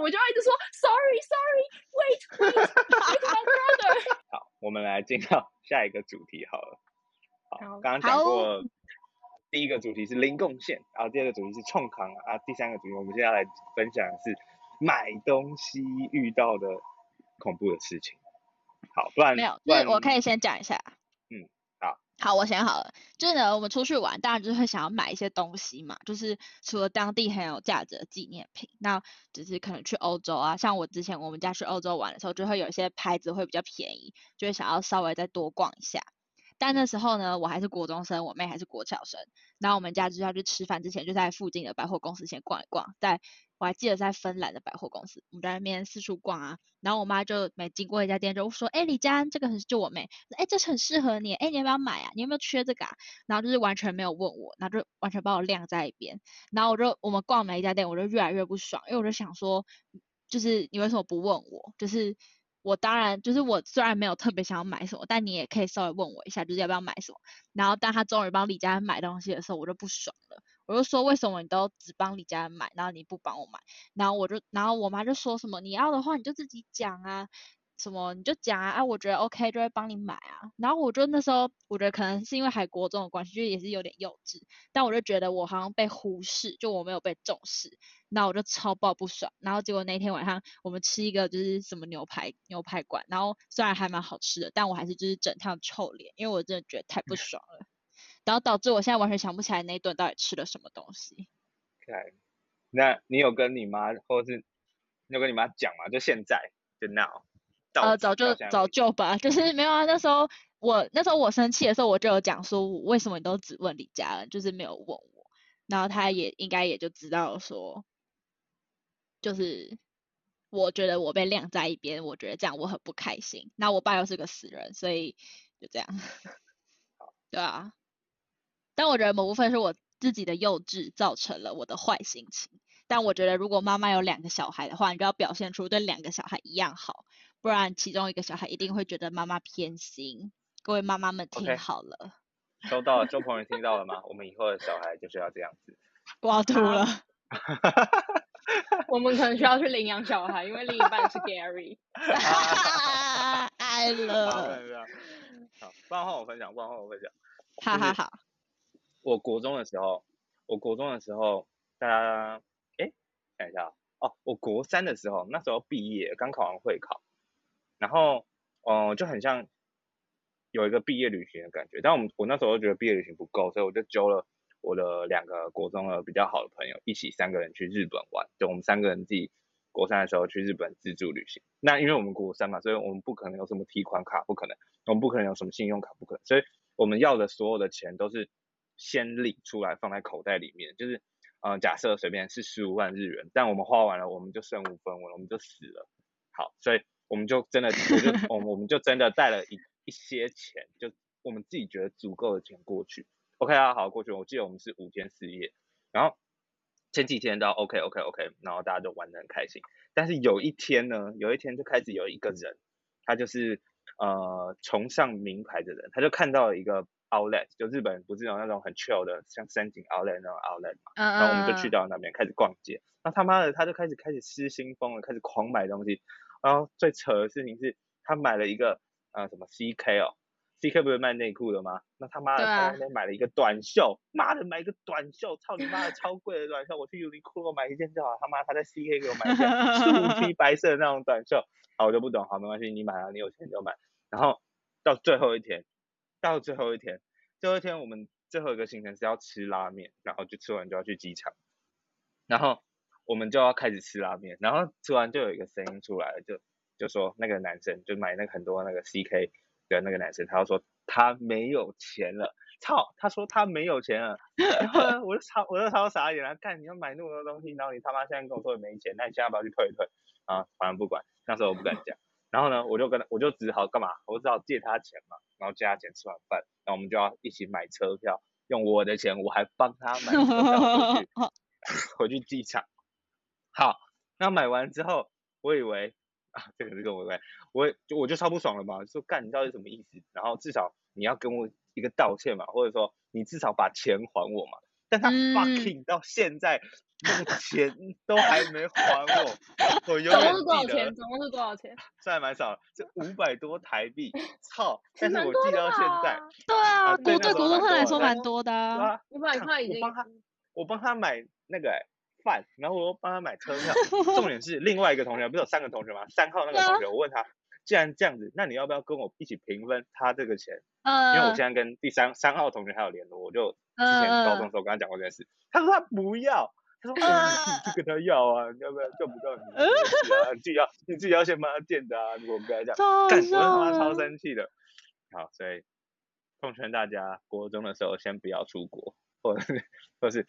我就一直說，sorry sorry，wait，please，it's my brother。好，我們來進到下一個主題好了。好，剛剛講過第一個主題是零貢獻，然後、啊、第二個主題是衝康啊，第三個主題我們接下來分享的是買東西遇到的恐怖的事情。好，不然沒有，就我可以先講一下。好，我想好了，就是呢，我們出去玩，當然就會想要買一些東西嘛，就是除了當地很有價值的紀念品，那只是可能去歐洲啊，像我之前我們家去歐洲玩的時候，就會有一些牌子會比較便宜，就會想要稍微再多逛一下。但那時候呢，我還是國中生，我妹還是國小生。然後我們家就是要去吃飯之前，就在附近的百貨公司先逛一逛。在我還記得在芬蘭的百貨公司，我們在那邊四處逛啊。然後我媽就每經過一家店，就說：“哎、欸，李佳這個很就我妹，哎、欸，這是很適合你，哎、欸，你要不要買啊？你有沒有缺這個？”啊？然後就是完全沒有問我，然後就完全把我晾在一邊。然後我就我們逛每一家店，我就越來越不爽，因為我就想說，就是你為什麼不問我？就是。我當然就是我，雖然沒有特別想要買什麼，但你也可以稍微問我一下，就是要不要買什麼。然後當他終於幫李佳買東西的時候，我就不爽了，我就說，為什麼你都只幫李佳買，然後你不幫我買？然後我就，然後我媽就說什麼，你要的話你就自己講啊。什麼你就講啊,啊，我覺得 OK 就會幫你買啊，然後我就那時候我覺得可能是因為還國中關係，就也是有點幼稚，但我就覺得我好像被忽視，就我沒有被重視，那我就超爆不爽，然後結果那天晚上我們吃一個就是什麼牛排牛排館，然後雖然還蠻好吃的，但我還是就是整趟臭臉，因為我真的覺得太不爽了， 然後導致我現在完全想不起來那一頓到底吃了什麼東西。OK，那你有跟你媽，或是你有跟你媽講嗎？就現在，就 now。呃，早就早就吧，就是沒有啊。那時候我那時候我生氣的時候，我就有講說，我為什麼你都只問李佳恩，就是沒有問我。然後他也應該也就知道說，就是我覺得我被晾在一邊，我覺得這樣我很不開心。那我爸又是個死人，所以就這樣。 對啊，但我覺得某部分是我自己的幼稚造成了我的壞心情。但我覺得如果媽媽有兩個小孩的話，你就要表現出對兩個小孩一樣好。不然，其中一個小孩一定會覺得媽媽偏心。各位媽媽們聽好了，Okay. 收到了，周朋友聽到了嗎？ 我們以後的小孩就是要這樣子，刮禿了。 我們可能需要去領養小孩，因為另一半是 Gary，愛了。 I love  好，不然換我分享，不然換我分享。好好好。就是、 我國中的時候，我國中的時候，大家，哎、欸，等一下，哦，我國三的時候，那時候畢業，剛考完會考。然後，嗯、呃，就很像有一個畢業旅行的感覺。但我們我那時候就覺得畢業旅行不夠，所以我就揪了我的兩個國中的比較好的朋友，一起三個人去日本玩。就我們三個人自己國三的時候去日本自助旅行。那因為我們國三嘛，所以我們不可能有什麼提款卡，不可能，我們不可能有什麼信用卡，不可能。所以我們要的所有的錢都是先領出來放在口袋裡面。就是，呃，假設隨便是十五萬日元，但我們花完了，我們就身無分文，我們就死了。好，所以。 我們就真的，我就我們就真的帶了一一些錢，就我們自己覺得足夠的錢過去。OK 啊，好，過去。我記得我們是五天四夜，然後前幾天都 OK OK OK，然後大家就玩的很開心。但是有一天呢，有一天就開始有一個人，他就是呃崇尚名牌的人，他就看到了一個 Outlet，就日本不是有那種很 chill 的，像三井 Outlet 那種 Outlet 嘛，然後我們就去到那邊開始逛街。那、uh, uh. 他媽的，他就開始開始失心瘋了，開始狂買東西。然後最扯的事情是，他買了一個呃什麼 C K 哦，C K 不是賣內褲的嗎？那他媽的他那天買了一個短袖，啊，媽的買一個短袖，操你媽的超貴的短袖，我去優衣庫買一件就好，他媽他在 C K 給我買一件素 T 白色的那種短袖， 好我就不懂，好沒關係，你買啊，你有錢就買。然後到最後一天，到最後一天，最後一天我們最後一個行程是要吃拉麵，然後就吃完就要去機場，然後。我們就要開始吃拉麵，然後吃完就有一個聲音出來了，就就說那個男生就買那個很多那個 CK 的那個男生，他就說他沒有錢了，操，他說他沒有錢了，然後呢，我就超我就超傻眼了，幹，你要買那麼多東西，然後你他媽現在跟我說沒錢，那你現在不要去退一退啊，反正不管，那時候我不敢講，然後呢，我就跟他我就只好幹嘛，我只好借他錢嘛，然後借他錢吃完飯，然後我們就要一起買車票，用我的錢，我還幫他買車票回去，回去機場。好，那買完之後，我以為啊，這個這個我以為我我就超不爽了嘛，說幹你到底什麼意思？然後至少你要跟我一個道歉嘛，或者說你至少把錢還我嘛。但他 fucking 到現在，那個錢都還沒還我， 我永遠記得，總共是多少錢？總共是多少錢？算還蠻少的，這五百多台幣， 操！但是我記得到現在，對啊，對對對，對他來說蠻多的啊，五百塊已經。我幫他，我幫他買那個哎、欸。飯，然後我又幫他買車票。 重點是另外一個同學，不是有三個同學嗎？三號那個同學， 我問他，既然這樣子，那你要不要跟我一起平分他這個錢、嗯？因為我現在跟第三三號同學還有聯絡，我就之前高中的時候我跟他講過這件事、嗯。他說他不要，嗯、他說、嗯嗯、你自你去跟他要啊，你要不要？要不要、啊嗯？你自己要，你自己要先幫他墊的啊。如果不要這樣我們跟他講，幹什麼？超生氣的。好，所以奉勸大家，國中的時候先不要出國，或者或者是。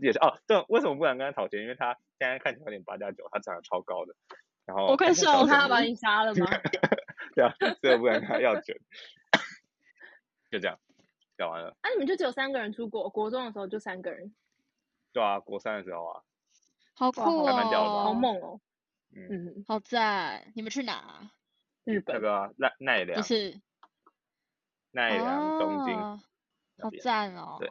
也、啊、是哦，對，為什麼不敢跟他討錢？因為他現在看起來有點八加九，他長得超高的，然後我快笑他把你殺了嗎？對 啊，所以我不敢跟他要錢， 就這樣，講完了。哎、啊，你們就只有三個人出國？國中的時候就三個人？對啊，國三的時候啊。好酷、哦啊、好猛哦。嗯，好讚！你們去哪？日本。那、這個奈、啊、奈良。是。奈良東京、哦。好讚哦。對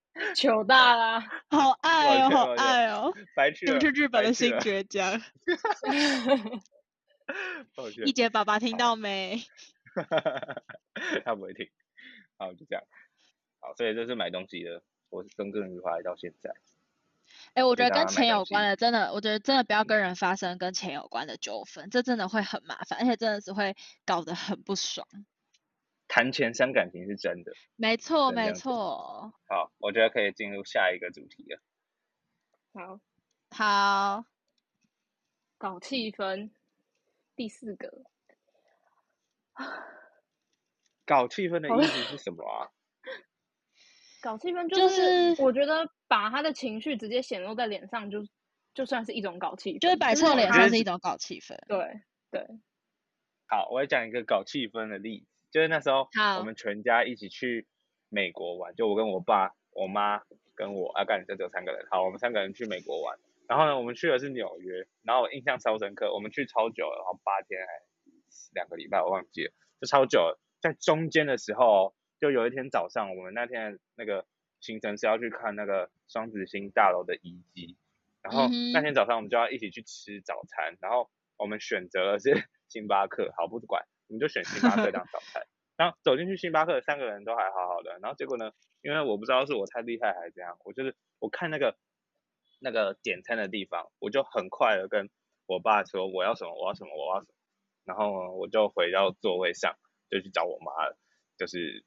糗大啦，好愛哦、喔，好愛哦、喔，就、喔、是日本的新倔強， 一杰爸爸聽到沒？他不會聽，好就這樣，好，所以這是買東西的，我是耿耿於懷到現在。哎、欸，我覺得跟錢有關的，真的，我覺得真的不要跟人發生跟錢有關的糾紛、嗯，這真的會很麻煩，而且真的是會搞得很不爽。談錢傷感情是真的，沒錯沒錯。好，我覺得可以進入下一個主題了。好，好，搞氣氛，第四個。搞氣氛的意思是什麼啊？搞氣氛就是我覺得把他的情緒直接顯露在臉上就，就就算是一種搞氣氛，就是擺臭臉，就是、上是一種搞氣氛。對對。好，我要講一個搞氣氛的例子。就是那時候，好，我們全家一起去美國玩，就我跟我爸、我媽跟我阿干、啊，就只有三個人。好，我們三個人去美國玩，然後呢，我們去的是紐約，然後我印象超深刻，我們去超久了，然後八天還兩個禮拜，我忘記了，就超久了。在中間的時候，就有一天早上，我們那天那個行程是要去看那個雙子星大樓的遺跡，然後那天早上我們就要一起去吃早餐，嗯、然後我們選擇的是星巴克，好，不管。 你就選星巴克當早餐，然後走進去星巴克，三個人都還好好的。然後結果呢，因為我不知道是我太厲害還是怎樣，我就是我看那個那個點餐的地方，我就很快的跟我爸說，我要什麼我要什麼我要什麼。然後我就回到座位上就去找我媽，就是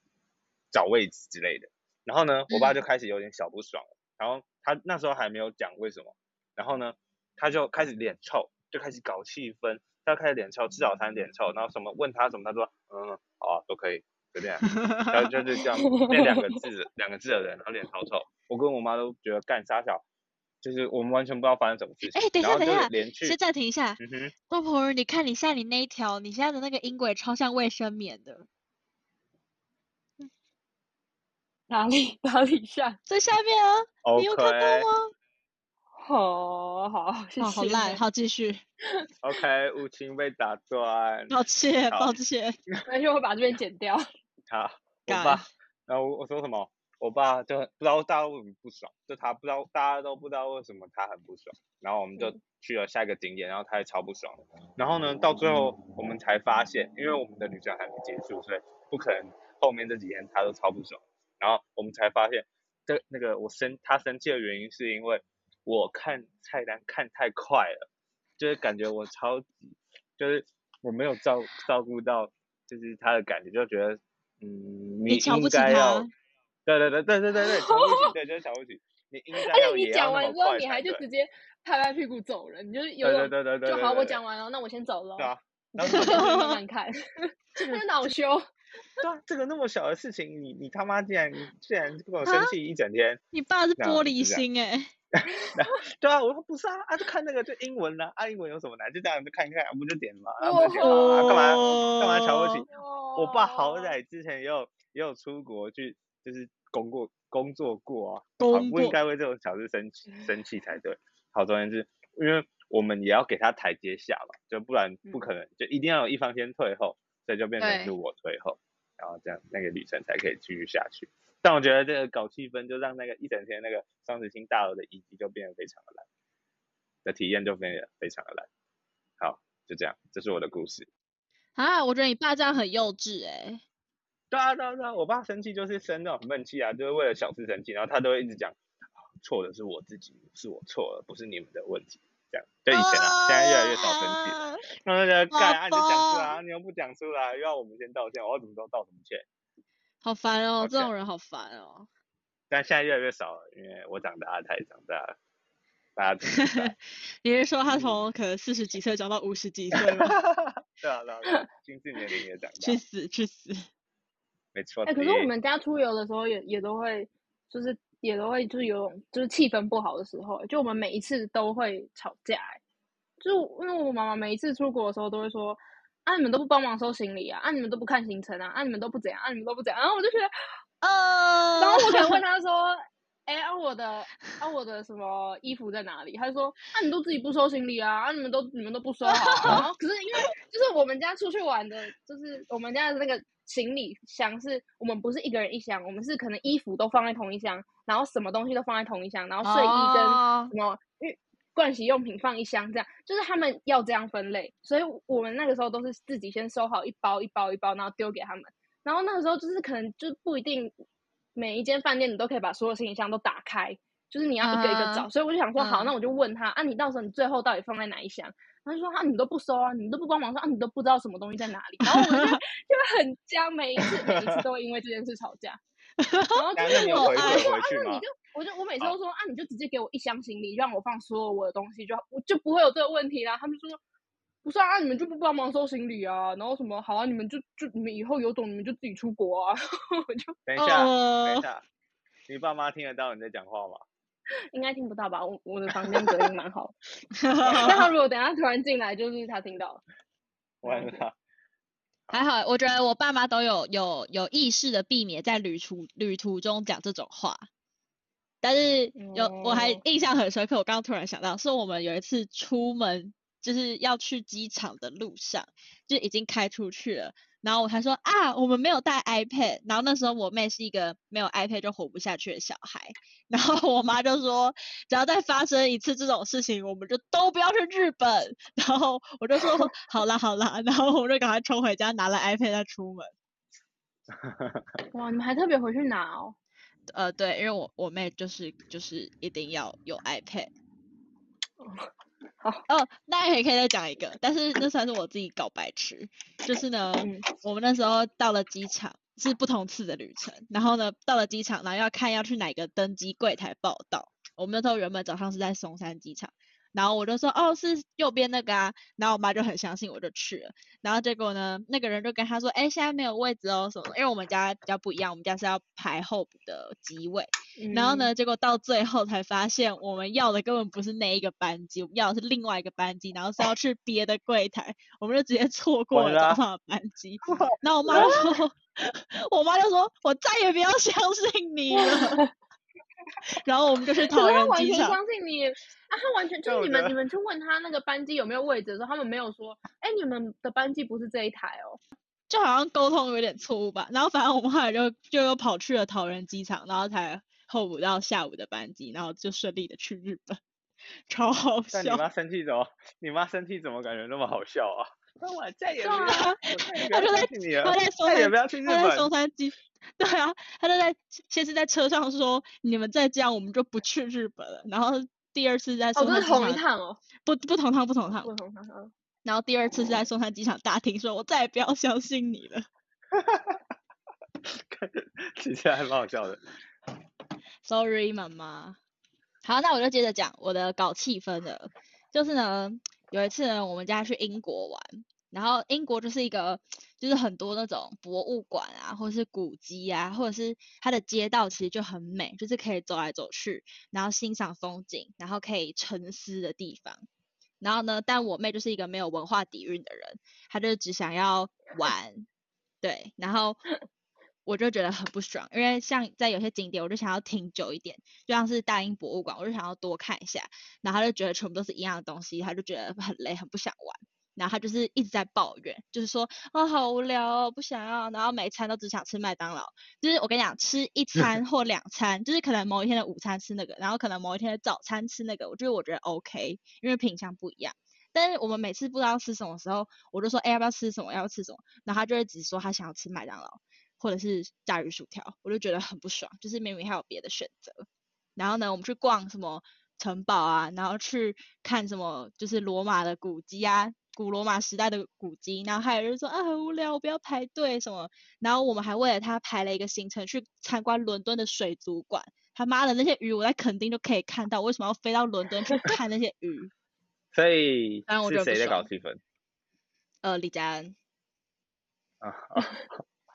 找位置之類的。然後呢，我爸就開始有點小不爽，然後他那時候還沒有講為什麼，然後呢他就開始臉臭，就開始搞氣氛。他開始臉臭，吃早餐臉臭，然後什麼問他什麼，他說，嗯好、啊，都可以隨便、啊，然 後就是這樣連兩個字兩個字的人，然後臉超臭。我跟我媽都覺得幹三小，就是我們完全不知道發生什麼事情，哎、欸、等一下就等一下先暫停一下，嗯、哼多鵬你看你下你那一條，你現在的那個音軌超像衛生棉的，嗯、哪裡哪裡像、okay. 在下面啊？你有看到嗎？好、oh, 好，謝謝。Oh, 好，好，繼續。OK， 無情被打斷。抱歉，抱歉， 因為我把這邊剪掉。好，我爸，然後我說什麼？我爸就很不知道大家為什麼不爽，就他不知道大家都不知道為什麼他很不爽。然後我們就去了下一個景點，然後他也超不爽。然後呢、嗯，到最後我們才發現，因為我們的旅程還沒結束，所以不可能後面這幾天他都超不爽。然後我們才發現，這那個我生他生氣的原因是因為。我看菜單看太快了，就是感覺我超急，就是我沒有照照顧到，就是他的感覺，就覺得嗯，你瞧不起他，對對對對對對對對，對，就是瞧不起你。而且你講完之後，你還就直接拍拍屁股走了，你就有點對對對，就好，我講完了，那我先走了。對、對、對、對， 對啊，然後他再看看，真的很惱羞。 對啊，這個那麼小的事情，你你他媽竟然你竟然跟我生氣一整天。你爸是玻璃心哎。 對啊，我說不是啊，啊就看那個就英文啦、啊，啊英文有什麼難？就這樣就看一看，我們就點嘛、啊、不就點嘛，幹、啊啊哦啊、嘛幹嘛瞧不起、哦？我爸好歹之前也有也有出國去，就是工過工作過啊，不應該為這種小事生氣生氣才對。好，重點是，因為我們也要給他台階下嘛，就不然不可能、嗯，就一定要有一方先退後，所以就變成是我退後，然後這樣那個旅程才可以繼續下去。但我覺得這個搞氣氛，就讓那個一整天那個雙子星大樓的遺跡就變得非常的爛，的、這個、體驗就變得非常的爛。好，就這樣，這是我的故事。啊，我覺得你爸這樣很幼稚誒、欸。對啊對啊對啊，我爸生氣就是生那種悶氣啊，就是為了小事生氣，然後他都會一直講，哦、錯的是我自己，是我錯了，不是你們的問題。這樣，就以前啊，啊現在越來越少生氣了。啊、那大家看啊，你就講出來啊，你又不講出來，又要我們先道歉，我要怎麼說道什麼歉？好煩哦、喔，okay. 這種人好煩哦、喔。但現在越來越少了，因為我長大了，他也長大了，大家大。 你是說他從可能四十幾歲長到五十幾歲嗎？ 對、啊？對啊，然後經濟年齡也長 去。去死去死。沒錯。哎，可是我們家出遊的時候也也都會，就是也都會就是有就是氣氛不好的時候，就我們每一次都會吵架、欸，就因為我媽媽每一次出國的時候都會說。啊！你們都不幫忙收行李啊！啊！你們都不看行程啊！啊！你們都不怎樣！啊！你們都不怎樣！然後我就覺得，呃、uh...，然後我想問他說，哎、 欸，啊、我的，啊我的什麼衣服在哪裡？他就說，啊，你都自己不收行李啊！啊，你們都你們都不收好啊！然後可是因為就是我們家出去玩的，就是我們家的那個行李箱是我們不是一個人一箱，我們是可能衣服都放在同一箱，然後什麼東西都放在同一箱，然後睡衣跟什麼，uh... 盥洗用品放一箱，這樣就是他們要這樣分類，所以我們那個時候都是自己先收好一包一包一包，然後丟給他們。然後那個時候就是可能就不一定每一間飯店你都可以把所有行李箱都打開，就是你要一個一個一個找。所以我就想說，好，那我就問他，嗯、啊，你到時候你最後到底放在哪一箱？他就說啊，啊，你都不收啊，你都不幫忙，說啊，你都不知道什麼東西在哪裡。然後我就就很僵，每一次每一次都會因為這件事吵架。 然後就是你 回去了，去你就。我就我每次都說啊，啊，你就直接給我一箱行李，讓我放所有我的東西，就我就不會有這個問題啦。他們說不是啊，你們就不幫忙收行李啊，然後什麼好啊，你們就就你們以後有種，你們就自己出國啊。 我就等一下、呃，等一下，你爸媽聽得到你在講話嗎？應該聽不到吧？我我的房間隔音蠻好， 那他如果等一下突然進來，就是他聽到。我也知道。還好，我覺得我爸媽都有有有意識的避免在旅途旅途中講這種話。但是有，我還印象很深刻。我剛剛突然想到，是我們有一次出門，就是要去機場的路上就已經開出去了。然後我還說啊，我們沒有帶 iPad。然後那時候我妹是一個沒有 iPad 就活不下去的小孩。然後我媽就說，只要再發生一次這種事情，我們就都不要去日本。然後我就說好啦好啦，然後我就趕快衝回家拿了 iPad 再出門。哇，你們還特別回去拿哦。呃，對，因為我我妹就是就是一定要有 iPad。好哦，那也可以再講一個，但是那算是我自己搞白痴。就是呢、嗯，我們那時候到了機場是不同次的旅程，然後呢到了機場，然後要看要去哪個登機櫃台報到。我們那時候原本早上是在松山機場。然後我就說，哦，是右邊那個啊。然後我媽就很相信，我就去了。然後結果呢，那個人就跟她說，哎，現在沒有位置哦，什麼？因為我們家比較不一樣，我們家是要排候補的機位、嗯。然後呢，結果到最後才發現，我們要的根本不是那一個班機，我們要的是另外一個班機，然後是要去別的櫃台。我們就直接錯過了早上的班機。那我媽說， 我媽就說，我再也不要相信你了。 然後我們就是桃園機場，是他完全相信你，啊，他完全就你們，你們去問他那個班機有沒有位置的時候，他們沒有說，哎，你們的班機不是這一台哦，就好像溝通有點錯誤吧。然後反正我們後來就就又跑去了桃園機場，然後才候補到下午的班機，然後就順利的去日本，超好笑。但你媽生氣怎麼？你媽生氣怎麼感覺那麼好笑啊？那、啊、我再也不，再也不相信你了，再也不要去日本。對啊，他就在，先是，在車上說，你們再這樣，我們就不去日本了。然後第二次在松山哦，是同一趟哦，不，不同趟，不同趟，不同趟。然後第二次是在松山機場大廳說，我再也不要相信你了。哈哈哈哈哈，聽起來還蠻好笑的。Sorry，媽媽。好，那我就接着講我的搞氣氛的，就是呢，有一次呢，我們家去英國玩。然後英國就是一個，就是很多那種博物館啊，或者是古蹟啊，或者是它的街道其實就很美，就是可以走來走去，然後欣賞風景，然後可以沉思的地方。然後呢，但我妹就是一個沒有文化底蘊的人，她就只想要玩，對。然後我就覺得很不爽，因為像在有些景點，我就想要停久一點，就像是大英博物館，我就想要多看一下。然後她就覺得全部都是一樣的東西，她就覺得很累，很不想玩。然後他就是一直在抱怨，就是說啊、哦、好無聊哦，不想要。然後每一餐都只想吃麥當勞，就是我跟你講，吃一餐或兩餐，就是可能某一天的午餐吃那個，然後可能某一天的早餐吃那個，我就是我覺得 OK，因為品相不一樣。但是我們每次不知道吃什麼時候，我都說哎、欸、要不要吃什麼，要吃什麼？然後他就會只說他想要吃麥當勞，或者是炸魚薯條，我就覺得很不爽，就是明明還有別的選擇。然後呢，我們去逛什麼城堡啊，然後去看什麼就是羅馬的古蹟啊。古羅馬時代的古蹟，然後還有人說啊，很無聊，我不要排隊什麼。然後我們還為了他排了一個行程去參觀倫敦的水族館。他媽的那些魚，我在墾丁就可以看到，為什麼要飛到倫敦去看那些魚？ 所以我得是誰在搞氣氛？呃，李佳恩。啊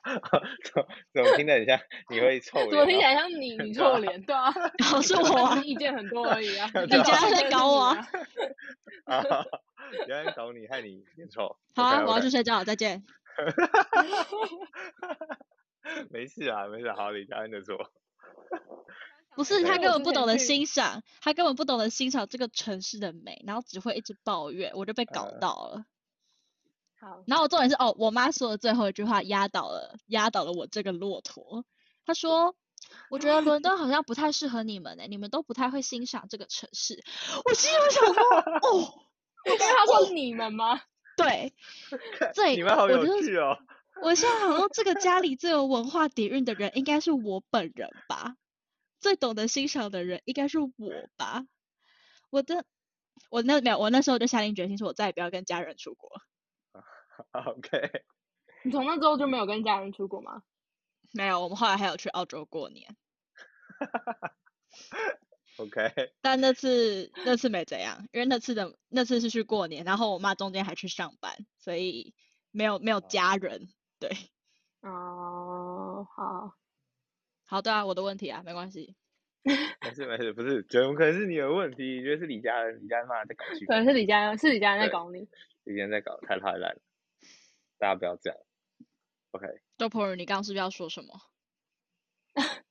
哦、怎麼怎麼聽着很像？你會臭臉、啊？怎麼 聽起來像你，你臭臉，對啊，好、 啊、是我啊， 意見很多而已啊。李 佳在搞我啊！ 啊，李佳搞你，害你變臭。好啊，我要去睡覺，再見。沒事啊，沒事、啊，好，你佳你的做。 不是，他根本不懂得欣賞，他根本不懂得欣賞這個城市的美，然後只會一直抱怨，我就被搞到了。呃好然後我重點是哦，我媽說的最後一句話壓倒了壓倒了我這個駱駝。她說：“我覺得倫敦好像不太適合你們的、欸， 你們都不太會欣賞這個城市。”我心裡想說：“哦，因為他說是你們嗎？”哦、對，最、哦、我覺得我現在好像這個家裡最有文化底蘊的人應該是我本人吧，最懂得欣賞的人應該是我吧。我的我那沒有，我那時候就下定決心說，我再也不要跟家人出國。OK，你從那之後就沒有跟家人出過嗎？沒有，我們後來還有去澳洲過年。 OK，但那次那次沒怎樣，因為那次的那次是去過年，然後我媽中間還去上班，所以沒有沒有家人。Oh. 對。哦、oh, oh.，好，好對啊，我的問題啊，沒關係。沒事沒事，不是，怎麼可能是你的問題，你覺得是你家人，你家媽在搞你。可能是你家人，是你家人在搞你。你家人在搞，太壞了。大家不要這樣。OK 周鵬宇，你剛剛是不是要說什麼？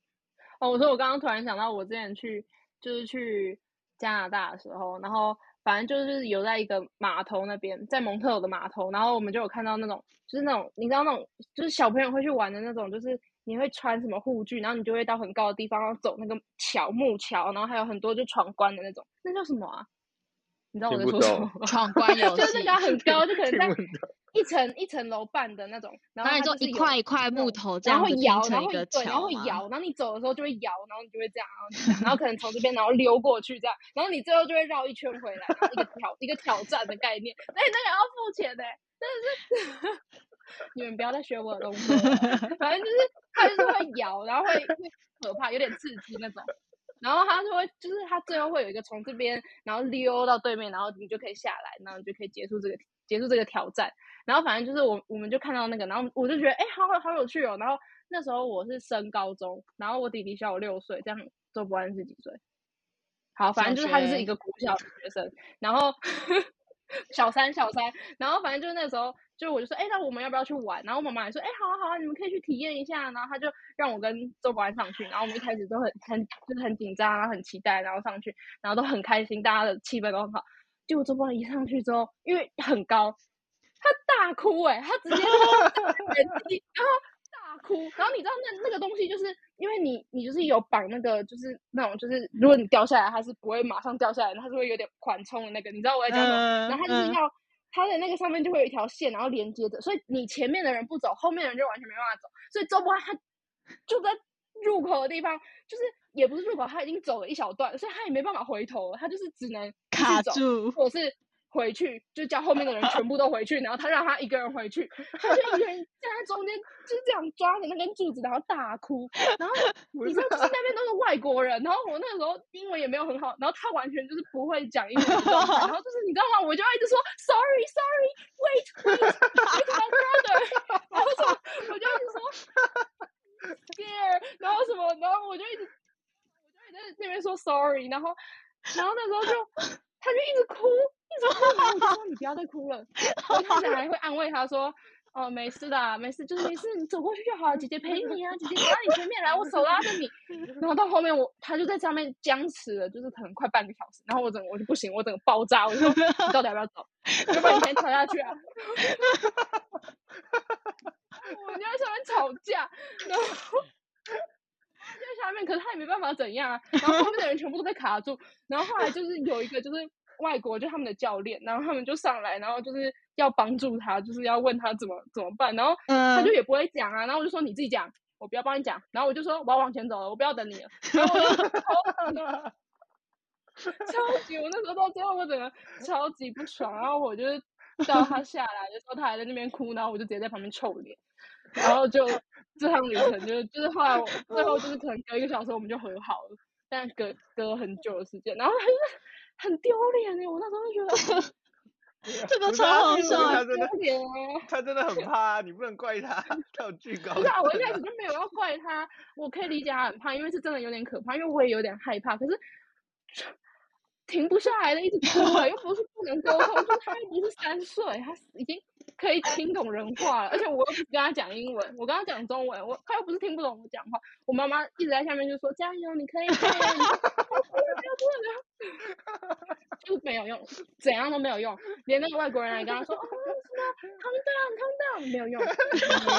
哦，我說我剛剛突然想到，我之前去就是去加拿大的時候，然後反正就是遊在一個碼頭那邊，在蒙特爾的碼頭，然後我們就有看到那種，就是那種你知道那種，就是小朋友會去玩的那種，就是你會穿什麼護具，然後你就會到很高的地方，然後走那個橋木橋，然後還有很多就闖關的那種，那叫什麼？啊？你知道我在說什麼？闖關遊戲就是那個很高，就可能在一層一層樓半的那種，然後你就一塊一塊木頭，這樣會搖，然後會，然後會對，然後搖，然後你走的時候就會搖，然後你就會這樣，然後，然後可能從這邊然後溜過去這樣，然後你最後就會繞一圈回來，一個挑 一個挑戰的概念。哎、欸，那個要付錢的、欸，真的是， 你們不要再學我的東西，反正就是它就是會搖，然後會會可怕，有點刺激那種。然後他就會，就是他最後會有一個從這邊，然後溜到對面，然後你就可以下來，然後你就可以結束這個結束這個挑戰。然後反正就是我們我們就看到那個，然後我就覺得哎、欸，好好有趣哦。然後那時候我是升高中，然後我弟弟小我六歲，這樣都不算十幾歲。好，反正就是他就是一個國小學生，然後小， 小三小三，然後反正就是那時候。就我就說，哎、欸，那我們要不要去玩？然後我媽媽也說，哎、欸，好啊好啊，你們可以去體驗一下。然後她就讓我跟周保安上去。然後我們一開始都很很就是很緊張，然後很期待，然後上去，然後都很開心，大家的氣氛都很好。結果周保安一上去之後，因為很高，他大哭哎、欸，他直接是 然後大哭，然後你知道那那個東西就是因為你你就是有綁那個就是那種就是如果你掉下來，它是不會馬上掉下來，它是會有點緩衝的那個，你知道我在講什麼？Uh, uh. 然後他就是要。它的那個上面就會有一條線，然後連接着，所以你前面的人不走，後面的人就完全沒辦法走。所以周博安他就在入口的地方，就是也不是入口，他已經走了一小段，所以他也沒辦法回頭，他就是只能卡住。或者是。回去就叫後面的人全部都回去，然後他讓他一個人回去，他就一個人站在中間，就這樣抓着那根柱子，然後大哭。然後你知道就是那邊都是外國人，然後我那個時候英文也沒有很好，然後他完全就是不會講英文。然後就是你知道嗎？我就一直說 sorry sorry wait wait, wait wait my brother，然後什麼我就一直說 dear，然後什麼，然後我就一直我就一直在那邊說 sorry，然後。然後那時候就，他就一直哭，一直哭， 我就說你不要再哭了。然後我還會安慰他說，哦，沒事的，沒事，就是沒事，你走過去就好，姐姐陪你啊，姐姐走到你前面來，我手拉着你。 然後到後面我，他就在上面僵持了，就是可能快半個小時。然後我整個，我就不行，我整個爆炸。我就說你到底要不要走？要 不要一直吵下去啊？ 我就在上面吵架，然後。 在下面，可是他也沒辦法怎樣啊。然後後面的人全部都被卡住。然後後來就是有一個就是外國，就他們的教練，然後他們就上來，然後就是要幫助他，就是要問他怎麼怎麼辦。然後他就也不會講啊。然後我就說你自己講，我不要幫你講。然後我就說我要往前走了，我不要等你了。然後我就了超級，我那時候到最後我整個超級不爽，然後我覺得。 到他下來的時候，他還在那邊哭，然後我就直接在旁邊臭臉，然後就這趟旅程就是就是後來最後就是可能隔一個小時我們就和好了，但隔隔了很久的時間，然後他就是很丟臉哎，我那時候就覺得 這個超好笑。啊，哦，他真的很怕，他真的很怕，你不能怪他，他有懼高。不、啊、 是啊，我一開始就沒有要怪他，我可以理解他很怕，因為是真的有點可怕，因為我也有點害怕，可是。停不下來的一直哭，又不是不能溝通， 就他又不是三歲，他已經可以聽懂人話了，而且我又不跟他講英文，我跟他講中文，我他又不是聽不懂我講話。我媽媽一直在下面就說 加油，你可以，不要這樣，就沒有用，怎樣都沒有用，連那個外國人也跟他說 哦，是嗎 calm down，calm down，I'm down，沒有用，沒有用。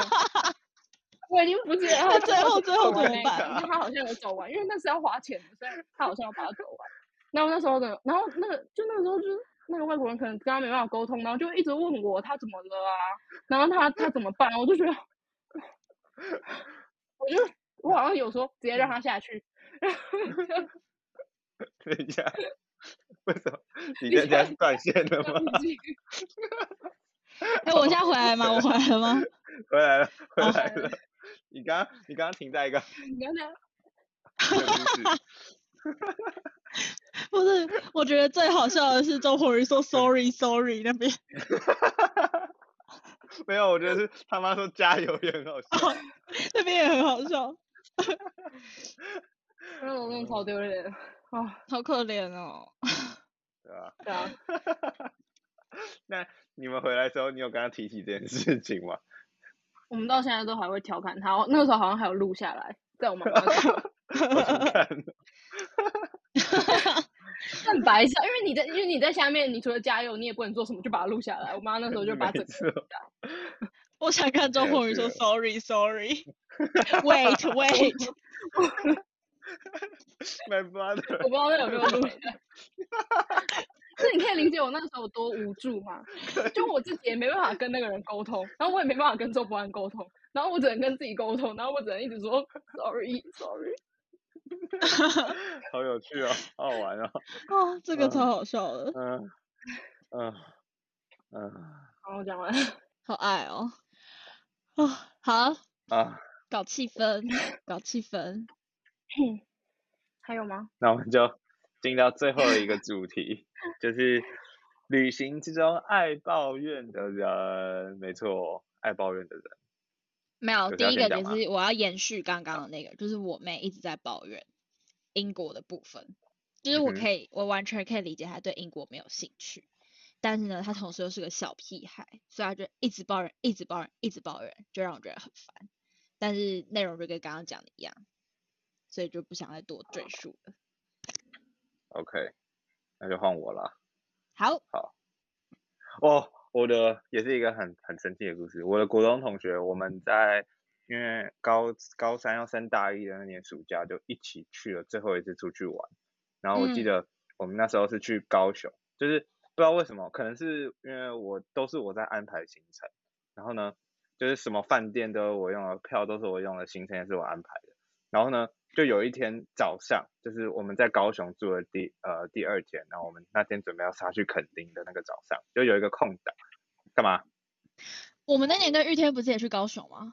我已經不記得他最後，後最後怎麼辦、啊那個、因為他好像有走完，因為那是要花錢的，所以他好像要把它走完。那我那時候的，然後那個就那個時候就是那個外國人可能跟他沒辦法溝通，然後就一直問我他怎麼了啊，然後他他怎麼辦？我就覺得，我就我好像有時候直接讓他下去。嗯、 等一下，為什麼你現在斷線的嗎？ 哎，我現在回來嗎、哦？我回來了嗎？回來了，回來了。你剛你剛剛停在一個。你剛才。哈哈哈。 不是，我覺得最好笑的是周鴻瑞說 sorry sorry 那邊， 沒有，我覺得是他媽說加油也很好笑，哦、那邊也很好笑，那 我真超丟臉，啊、哦，超可憐哦，對啊，對啊， 那你們回來之後，你有跟他提起這件事情嗎？我們到現在都還會調侃他，那個時候好像還有錄下來，在我們 看的。 還是因為你在，因為你在下面，你除了加油，你也不能做什麼，就把它錄下來。我媽那時候就把整個錄下來， 我想看周鴻宇說 “sorry sorry”，wait wait，my brother 我不知道那有沒有錄下來。 是你可以理解我那時候多無助嗎？ 就我自己也沒辦法跟那個人溝通，然後我也沒辦法跟周博安溝通，然後我只能跟自己溝通，然後我只能一直說 “sorry sorry”。 好有趣哦，好，好玩哦！哦，這個超好笑的。嗯嗯嗯、嗯。好，我講完。好愛哦。哦，好。啊。搞氣氛，搞氣氛。 還有嗎？那我們就進到最後一個主題， 就是旅行之中愛抱怨的人。沒錯，愛抱怨的人。沒有，有誰要先講嗎？第一個就是我要延續剛剛的那個， 就是我妹一直在抱怨。英國的部分，就是我可以、嗯，我完全可以理解他對英國沒有興趣，但是呢，他同時又是個小屁孩，所以他就一直抱怨，一直抱怨，一直抱怨，就讓我覺得很煩。但是內容就跟剛剛講的一樣，所以就不想再多贅述了。OK，那就換我了。好。好。哦，我的也是一個很很神奇的故事。我的國中同學，我們在。因為高高三要升大一的那年暑假就一起去了最後一次出去玩。然後我記得我們那時候是去高雄，嗯，就是不知道為什麼，可能是因為我都是我在安排行程，然後呢，就是什麼飯店都是我用了，票都是我用的，行程也是我安排的，然後呢，就有一天早上，就是我們在高雄住的第呃，第二天，然後我們那天準備要殺去墾丁的那個早上，就有一個空檔。幹嘛？我們那年的玉天不是也去高雄嗎？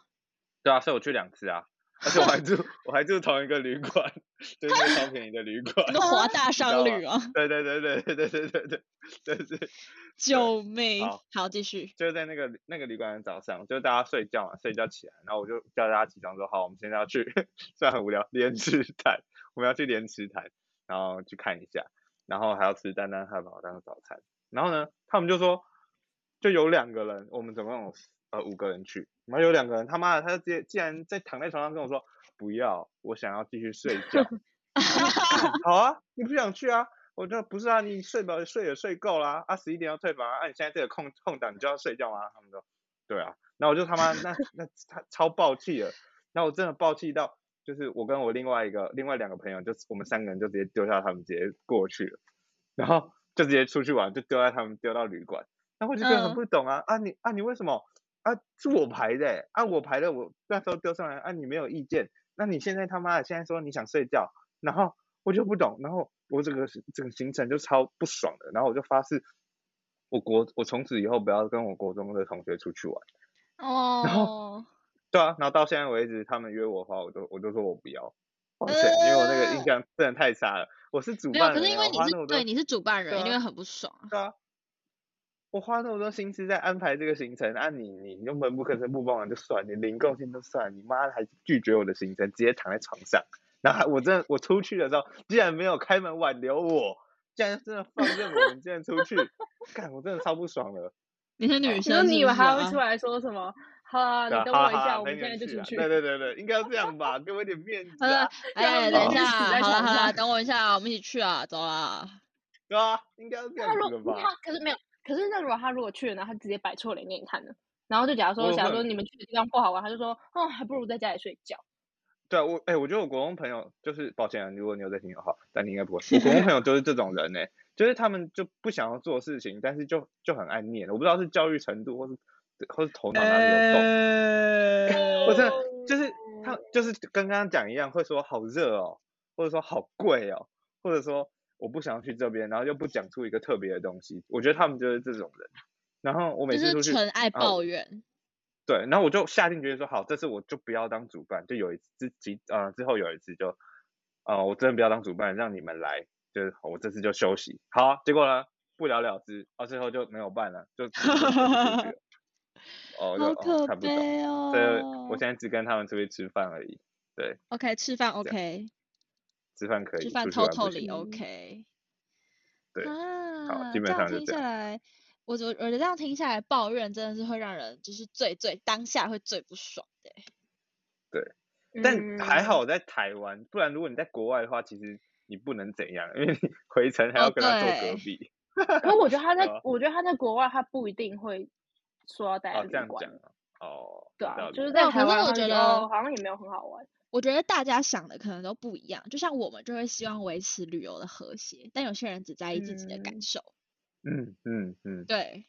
對啊，所以我去兩次啊，而且我還住 我還住同一個旅館，就是超便宜的旅館，那華大商旅啊。 對，對，對，對對對對對對對對對對。救命！好，繼續。就是在那個那個旅館的早上，就是大家睡覺嘛，睡覺起來，然後我就叫大家起床說，好，我們現在要去，雖然很無聊，蓮池潭，我們要去蓮池潭，然後去看一下，然後還要吃丹丹漢堡當早餐。然後呢，他們就說，就有兩個人，我們總共。呃，五個人去，然後有兩個人，他媽的，他就直接，竟然在躺在床上跟我說，不要，我想要繼續睡覺 後就、 啊。好啊，你不想去啊？我就不是啊，你睡不睡也睡夠啦，啊，十一點要退房啊，啊你現在這個空空檔，你就要睡覺嗎？他們說，對啊，那我就他媽那那，那他超爆氣了，那我真的爆氣到，就是我跟我另外一個另外兩個朋友，就是，我們三個人就直接丟下他們，直接過去了，然後就直接出去玩，就丟在他們丟到旅館，那我就覺得很不懂啊，嗯，啊你啊你為什麼？是我排的，欸，、按、啊、我排的，我那時候丟上來，啊，你沒有意見，那你現在他媽的現在說你想睡覺，然後我就不懂，然後我整個整個行程就超不爽的，然後我就發誓，我國我從此以後不要跟我國中的同學出去玩，哦、oh.，然後，對啊，然後到現在為止，他們約我的話，我都我都說我不要，而且因為我那個印象真的太差了，我是主辦人，可是因為你是對你是主辦人，對啊，因為很不爽，對啊。我花那麼多心思在安排這個行程，那、啊、你你根本不可能不幫忙就算，你零貢獻都算，你媽的還拒絕我的行程，直接躺在床上，然後我真的我出去的時候，竟然沒有開門挽留我，竟然真的放任我們，你 竟然出去，看我真的超不爽了。你是女生，啊、你、你以為還會出來說什麼？好啊，你等我一下、啊，我們現在就出去。對、啊啊啊、對對對，應該要這樣吧，給我一點面子、啊。 好了，哎、欸，等一下，啊、好了好了，等我一下，我們一起去啊，走啦。啊，應該是這樣子的吧、啊啊？可是沒有。可是那如果他如果去了呢？他直接擺臭臉給你看呢？然後就假如說，假如說你們去的地方不好玩，他就說，哦，還不如在家裡睡覺。對啊，我哎、欸，我覺得我國中朋友就是，抱歉啊，如果你有在聽的話，但你應該不會。我國中朋友就是這種人哎、欸， 就是他們就不想要做事情，但是就就很愛念。我不知道是教育程度，或是或是頭腦哪裡有洞或者，欸、我真的就是他就是跟剛剛講一樣，會說好熱哦，或者說好貴哦，或者說。我不想要去這邊，然後又不講出一個特別的東西，我覺得他們就是這種人。然後我每次都就是很愛抱怨。對，然後我就下定決心說，好，這次我就不要當主辦。就有一次，呃，之後有一次就，呃，我真的不要當主辦，讓你們來，就是我這次就休息。好，結果呢，不了了之，啊、哦，最後就沒有辦了，就直接不去了。 哦就，好可悲哦。哦所以我現在只跟他們出去吃飯而已，對。OK，吃飯 OK。吃飯可以，吃飯 totally OK。對，啊、好，基本上聽下來，我我我覺得這樣聽下來，抱怨真的是會讓人就是最最當下會最不爽的、欸。對，但還好我在台灣、嗯，不然如果你在國外的話，其實你不能怎樣，因為你回程還要跟他坐隔壁。哦、 可是我覺得他在，我覺得他在國外，他不一定會說要待旅館。哦哦、oh，對啊，就是這樣。反正我覺得好像也沒有很好玩。我覺得大家想的可能都不一樣，就像我們就會希望維持旅遊的和諧，但有些人只在意自己的感受。嗯嗯嗯。對。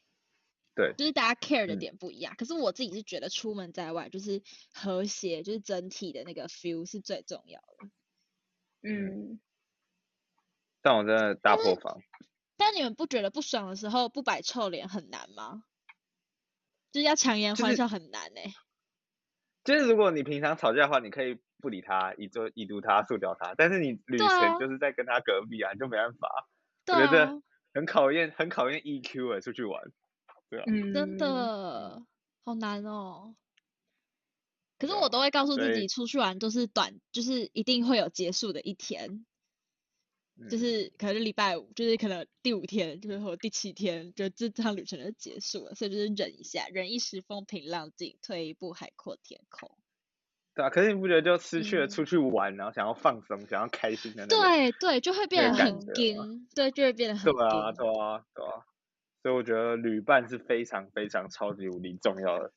對。就是大家 care 的點不一樣，可是我自己是覺得出門在外就是和諧，就是整體的那個 feel 是最重要的。嗯。嗯，但我真的大破防。但。但你們不覺得不爽的時候不擺臭臉很難嗎？就是要強顏歡笑很難哎、欸就是。就是如果你平常吵架的話，你可以不理他，以就已讀他，塑掉他。但是你旅程就是在跟他隔壁啊，你、啊、就沒辦法。啊、我覺得很考驗，很考驗 EQ 啊、欸，出去玩。對啊。嗯、真的，嗯、好難哦、喔。可是我都會告訴自己，出去玩都是短，就是一定會有結束的一天。就是可能禮拜五，就是可能第五天，就是或第七天，就這趟旅程就結束了，所以就是忍一下，忍一時風平浪靜，退一步海闊天空。對啊，可是你不覺得就失去了、嗯、出去玩，然後想要放鬆，想要開心的那種。對對，就會變得很緊，對，就會變得很緊。對啊，對啊，對啊，所以我覺得旅伴是非常非常超級無敵 重要的。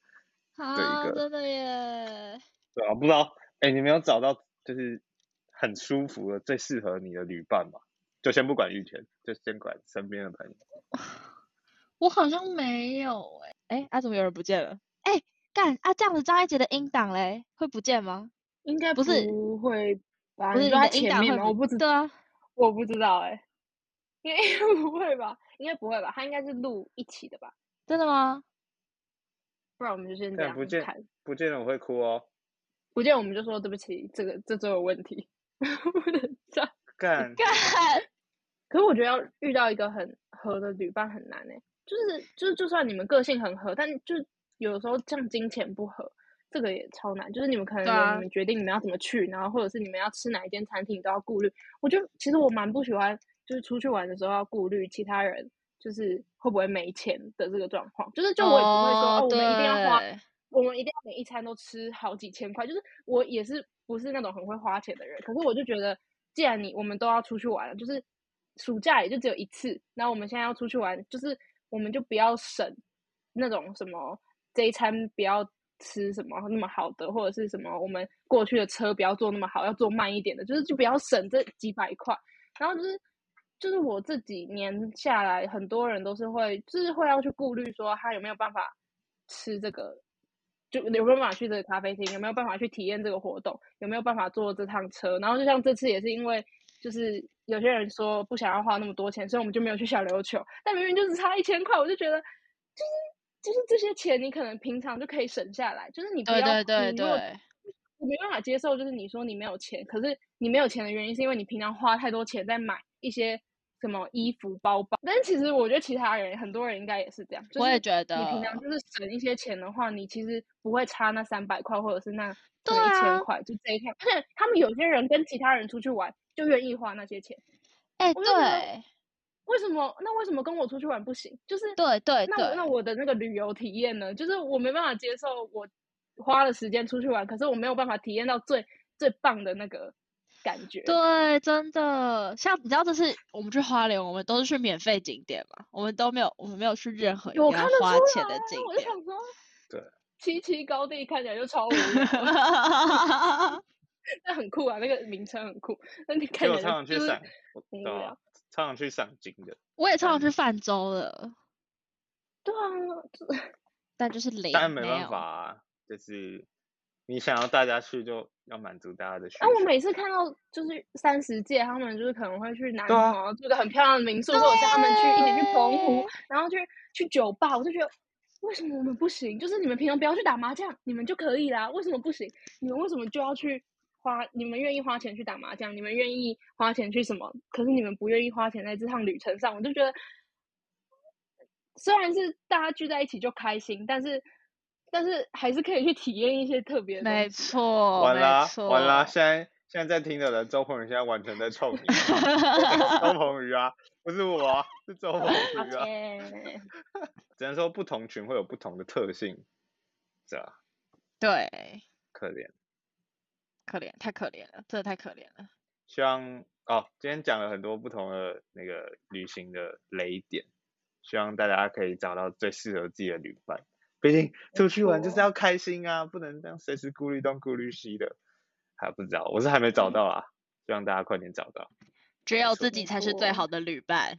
好，真的耶。對啊，不知道，哎、欸，你沒有找到就是？很舒服的，最適合你的旅伴吧。就先不管玉田，就先管身邊的朋友。我好像沒有哎、欸，哎、欸、啊，怎麼有人不見了？哎、欸，幹啊，這樣子張艾杰的音檔嘞，會不見嗎？應該不，不是會，不是你的音檔會不，我不知道、對啊，我不知道哎、欸，應該不會吧？應該不會吧？他應該是錄一起的吧？真的嗎？不然我們就先這樣不見，不見了我會哭哦。不見了我們就說對不起，這個這周有問題。不能干干，可是我覺得要遇到一個很合的旅伴很難呢，欸。就是就是，就算你們個性很合，但就有的時候像金錢不合，這個也超難。就是你們可能你們決定你們要怎麼去，然後或者是你們要吃哪一間餐廳，都要顧慮。我覺得其實我蠻不喜歡，就是出去玩的時候要顧慮其他人，就是會不會沒錢的這個狀況。就是就我也不會說，我們一定要花。哦。我們一定要每一餐都吃好幾千塊，就是我也是不是那種很會花錢的人，可是我就覺得，既然你我們都要出去玩了，就是暑假也就只有一次，那我們現在要出去玩，就是我們就不要省那種什麼這一餐不要吃什麼那麼好的，或者是什麼我們過去的車不要坐那麼好，要坐慢一點的，就是就不要省這幾百塊。然後就是就是我這幾年下來，很多人都是會就是會要去顧慮說他有沒有辦法吃這個。就有沒有辦法去這個咖啡廳？有沒有辦法去體驗這個活動？有沒有辦法坐這趟車？然後就像這次也是因為，就是有些人說不想要花那麼多錢，所以我們就沒有去小琉球。但明明就是差一千塊，我就覺得就是就是這些錢你可能平常就可以省下來。就是你不要，對對對對。我沒辦法接受，就是你說你沒有錢，可是你沒有錢的原因是因為你平常花太多錢在買一些什麼衣服包包。但其實我覺得其他人很多人應該也是這樣，我也覺得。你平常就是省一些錢的話，你其實不會差那三百塊或者是那一千塊，啊，就這一塊。而且他們有些人跟其他人出去玩就願意花那些錢，哎、欸，對。為什麼？那為什麼跟我出去玩不行？就是對，對對。那我那我的那個旅遊體驗呢？就是我沒辦法接受，我花了時間出去玩，可是我沒有辦法體驗到最最棒的那個。感覺對，真的像你知道，這是我們去花蓮，我們都是去免費景點嘛，我們都沒有，我們沒有去任何要花錢的景點、啊。我就想說，對，七七高地看起來就超無聊。那 很酷啊，那個名稱很酷。那你看，就是，我超想去賞、就是嗯，對吧？超想去賞鯨的。我也超想去泛舟的。對啊， 但就是累，但沒辦法、啊、沒就是你想要大家去就。要滿足大家的需求。哎、啊，我每次看到就是三十屆，他們就是可能會去南島、啊、住個很漂亮的民宿，或者是他們去一起去澎湖，然後去去酒吧，我就覺得為什麼我們不行？就是你們平常不要去打麻將，你們就可以啦。為什麼不行？你們為什麼就要去花？你們願意花錢去打麻將，你們願意花錢去什麼？可是你們不願意花錢在這趟旅程上，我就覺得雖然是大家聚在一起就開心，但是。但是還是可以去體驗一些特別的，沒錯，完啦完啦！現在現在在聽的人，周鵬宇現在完全在臭屁， 周鵬宇啊，不是我啊，是周鵬宇啊。Okay. 只能說不同群會有不同的特性，這，對，可憐，可憐，太可憐了，真的太可憐了。希望哦，今天講了很多不同的那個旅行的雷點，希望大家可以找到最適合自己的旅伴。畢竟出去玩就是要開心啊，不能這樣隨時顧慮東顧慮西的。還不知道，我是還沒找到啊，希望大家快點找到。只有自己才是最好的旅伴。